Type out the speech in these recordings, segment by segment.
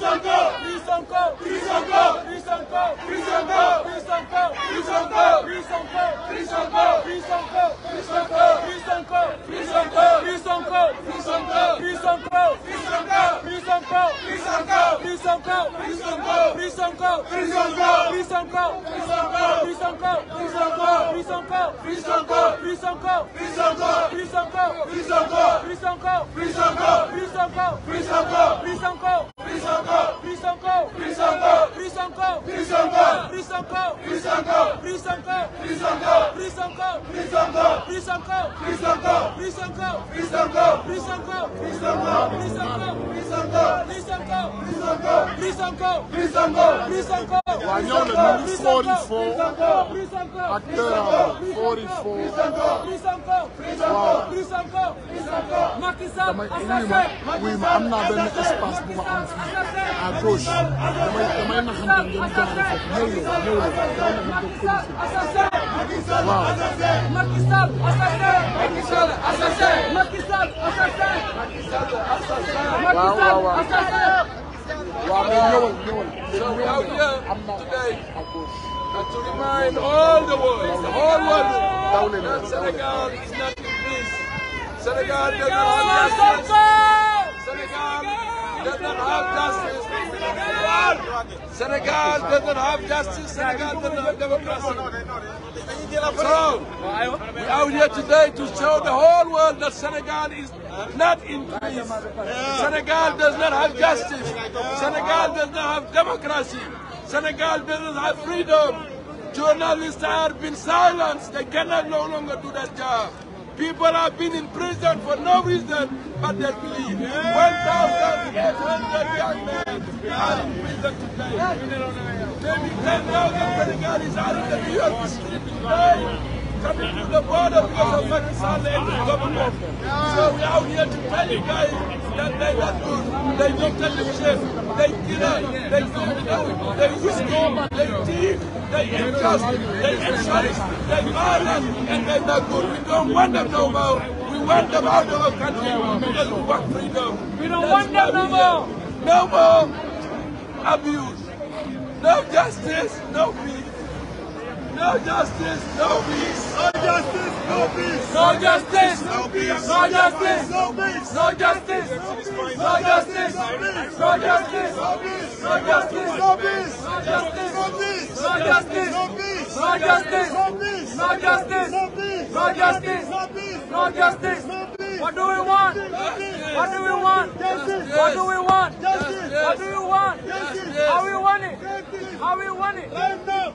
encore, plus encore, plus encore, plus encore, plus encore, Sonko waa ñëw na ñu ngi foori foo acteur am foori foo waaw damay wuy ma wuy ma am naa benn espace bu ma am fii à gauche damay damay naxante ngeen jox ma foofu ñëw la ñëw la. Macky Sall assassin Macky Sall assassin Macky Sall assassin Macky Sall assassin Macky Sall assassin Macky Sall assassin Macky Sall assassin So we out here today to remind all the world, the whole world, that Senegal is not in peace. Senegal does not have justice. Senegal does not have justice. Sénégal Sénégal doesn't have justice. Sénégal doesn't have democracy. So does not have justice. Sénégal does not have democracy. Sénégal doesn't have freedom. Journalists have been silenced. They cannot longer do their job. People have been in prison for no reason but their plea. 1,800 young in prison today. Maybe 10,000 the New York street today coming to the border because of Macky Sall and his government. So we are out tell you guys that they are good. They don't tell the truth. They kill us. They don't know. They use they thief. they entrust, they encourage, they violence, and they not good. We don't want them no more. We want them out of our country. We just want freedom. We don't That's want no more. No more abuse, no justice, No justice, no peace. No justice, no peace. No justice, no peace. No justice, no peace. No justice, no peace. No justice, no peace. No justice, no peace. No justice, no peace. No justice, no peace. No justice, no peace. No justice, no peace. No justice, no peace. No justice, no peace. No justice, no peace. What do we want? What do we want? What do we want? What do you want? How we want it? How we want it?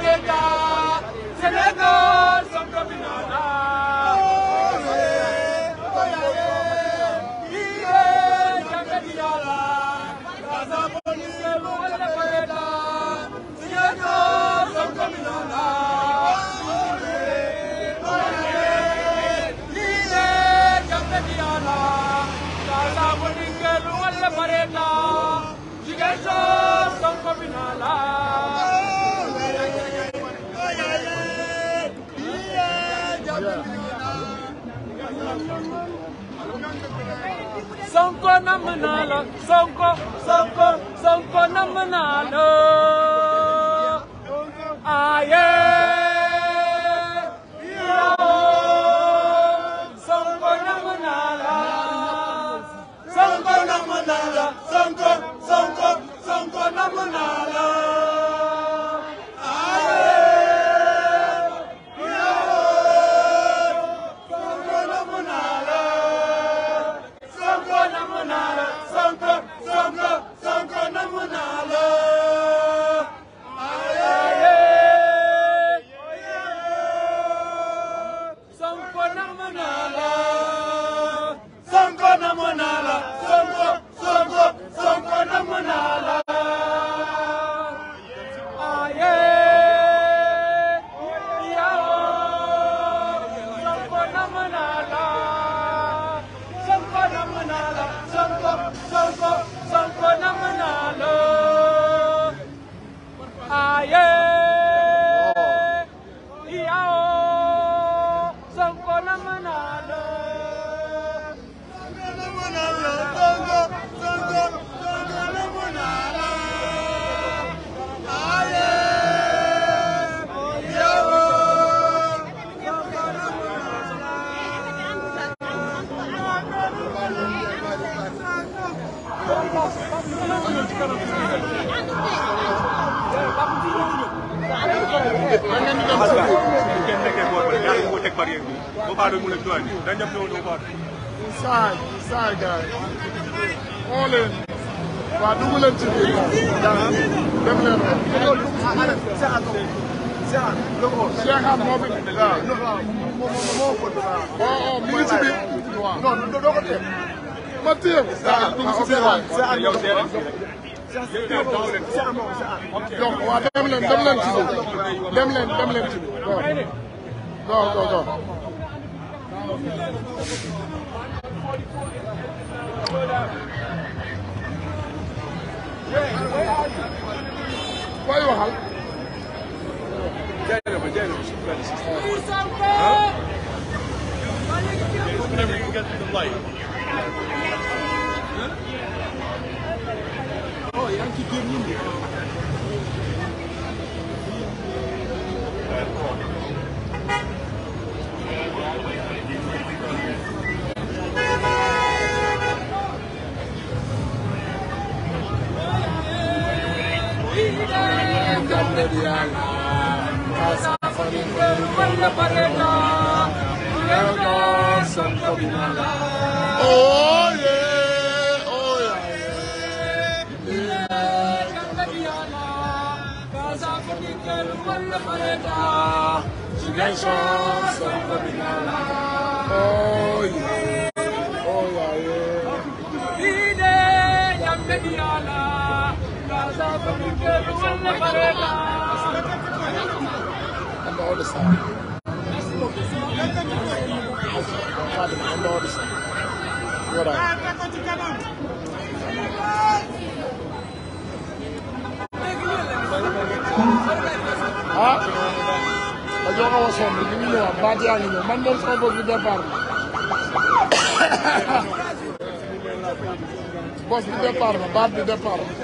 Monica Sonko namm naa la Sonko Sonko Sonko namm naa la aye Sonko namm la Sonko namm naa la Sonko Sonko Sonko namm naa la about it when it's done. They never know about it. Inside, inside, guys. All in. But do willing to be. Definitely. Definitely. Definitely. Go, go, go. waaye waxal. jaay na ma jaay na ma suuf daal di si. ah. whenever you get the light. oh yaa ngi ci génn ñun de. Congratulations. Oh, oh, I'm the older son. I'm the older son. What ah a joga wa somb li mu ñëwaat baati yaa ngi ñëw man moom sama bopp bi départ na bopp bi départ na baat bi départ na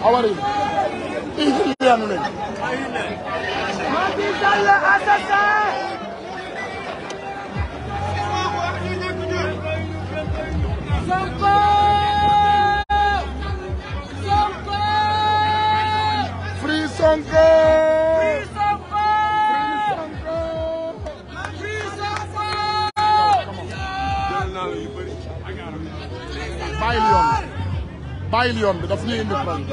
How are you? Easily, I'm not. Martin Salah, assassin! bàyyil yoon bi daf ñuy indi problème.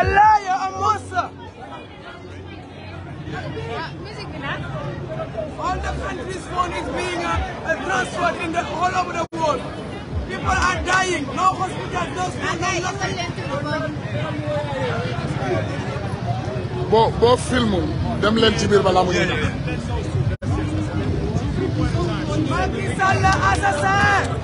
Allah ya Musa. All the country's phone is being uh, transferred in the, all over the world. People are dying. No hospitals, no schools. boo boo filmul dem leen ci biir balaa mu ñu. Macky Sall assassin.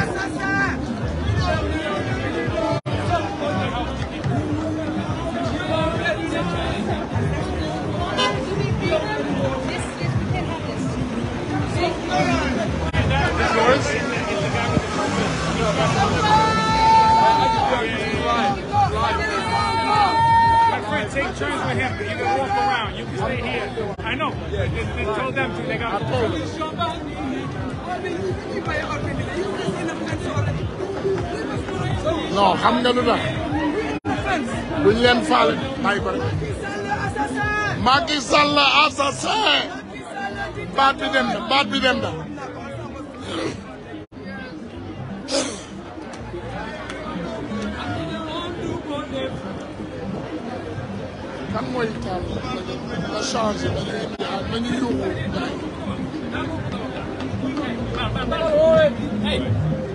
non xam nga lu tax duñ leen faale bàyyi ko rek baat bi dem na baat bi dem na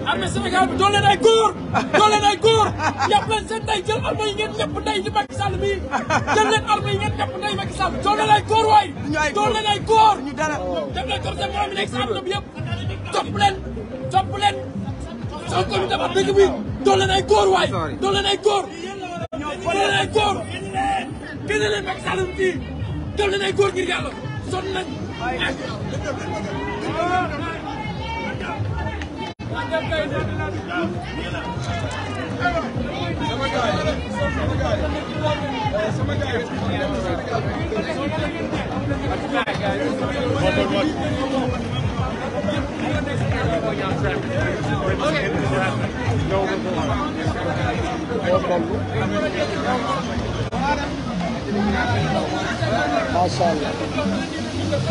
armée Sénégal bi doon leen ay góor doon leen ay góor yàpp leen seen ndey jël armée yi ngeen ñëpp ndey di Macky Sall mii jël leen armée yi ngeen ay góor waay doon ay góor def bi yëpp topp leen topp ay góor waay doon leen ay góor doon leen ay góor génne ay góor ngir yàlla sonn macha allah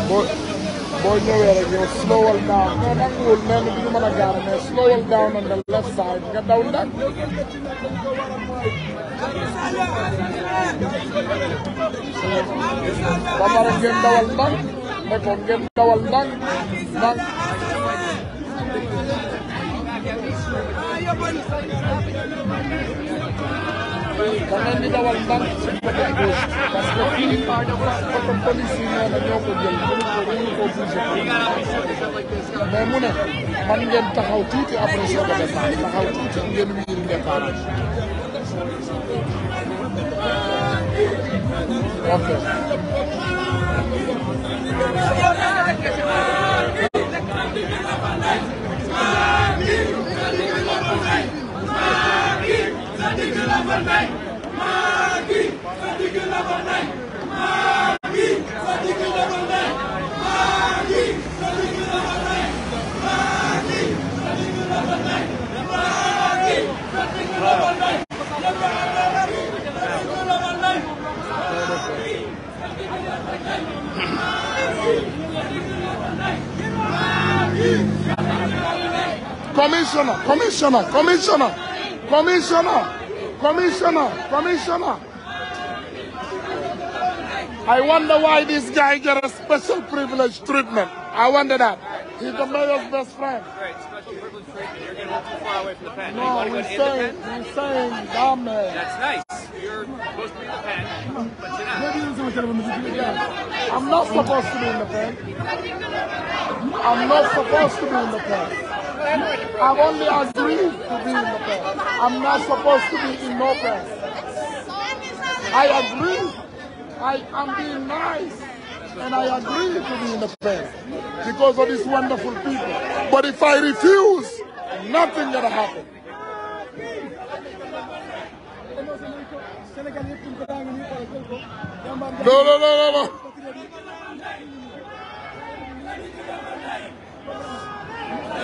boo boo ñëwee rek yow slowal naa nga nanguwul mel ñu mën a gaar mais slowal down on the left side nga daw ndànk da ngeen di dawal ndànk si côté gauche parce que fii côté police yi nee na ñoo ko jël mënuñu ko bougé mais mu ne man ngeen taxaw tuuti soo ko départ taxaw tuuti ngeen wiiri départ ok ko nay maa ngi sa digg la ko nay maa ngi sa digg la ko nay maa ngi sa digg la ko nay maa ngi sa digg la ko nay maa ngi sa digg la ko nay Commissioner, commissioner, commissioner, commissioner. Commissioner, Commissioner. I wonder why this guy get a special privilege treatment. I wonder that. He's the mayor's best friend. Right, special privilege treatment. You're getting too far away from the pen. No, we're saying, we're saying dumb man. That's nice. You're supposed to be in the pen, but you're not. I'm not supposed to be in the pen. I'm not supposed to be in the pen. I've only agreed to be in the past. I'm not supposed to be in no past. I agree. I am being nice. And I agree to be in the past because of these wonderful people. But if I refuse, nothing gonna happen. Non, non, non, non, non.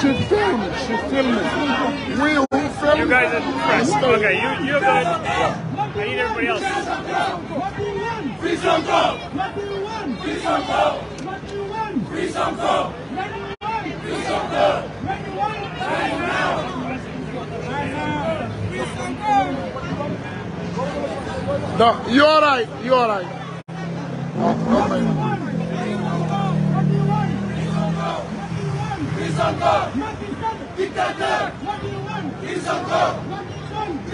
should film it. Should film it. We who film You guys are pressed. Okay, you you're good. I need everybody else. Free some go. Free some go. Free some go. Free some go. Right now. Right now. No, you're all right. You're all right. encore Dictateur Ils encore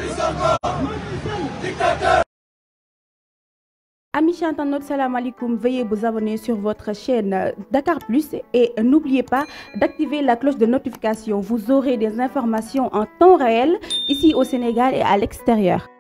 Ils encore Dictateur Veuillez vous abonner sur votre chaîne euh, Dakar Plus et n'oubliez pas d'activer la cloche de notification. Vous aurez des informations en temps réel ici au Sénégal et à l'extérieur.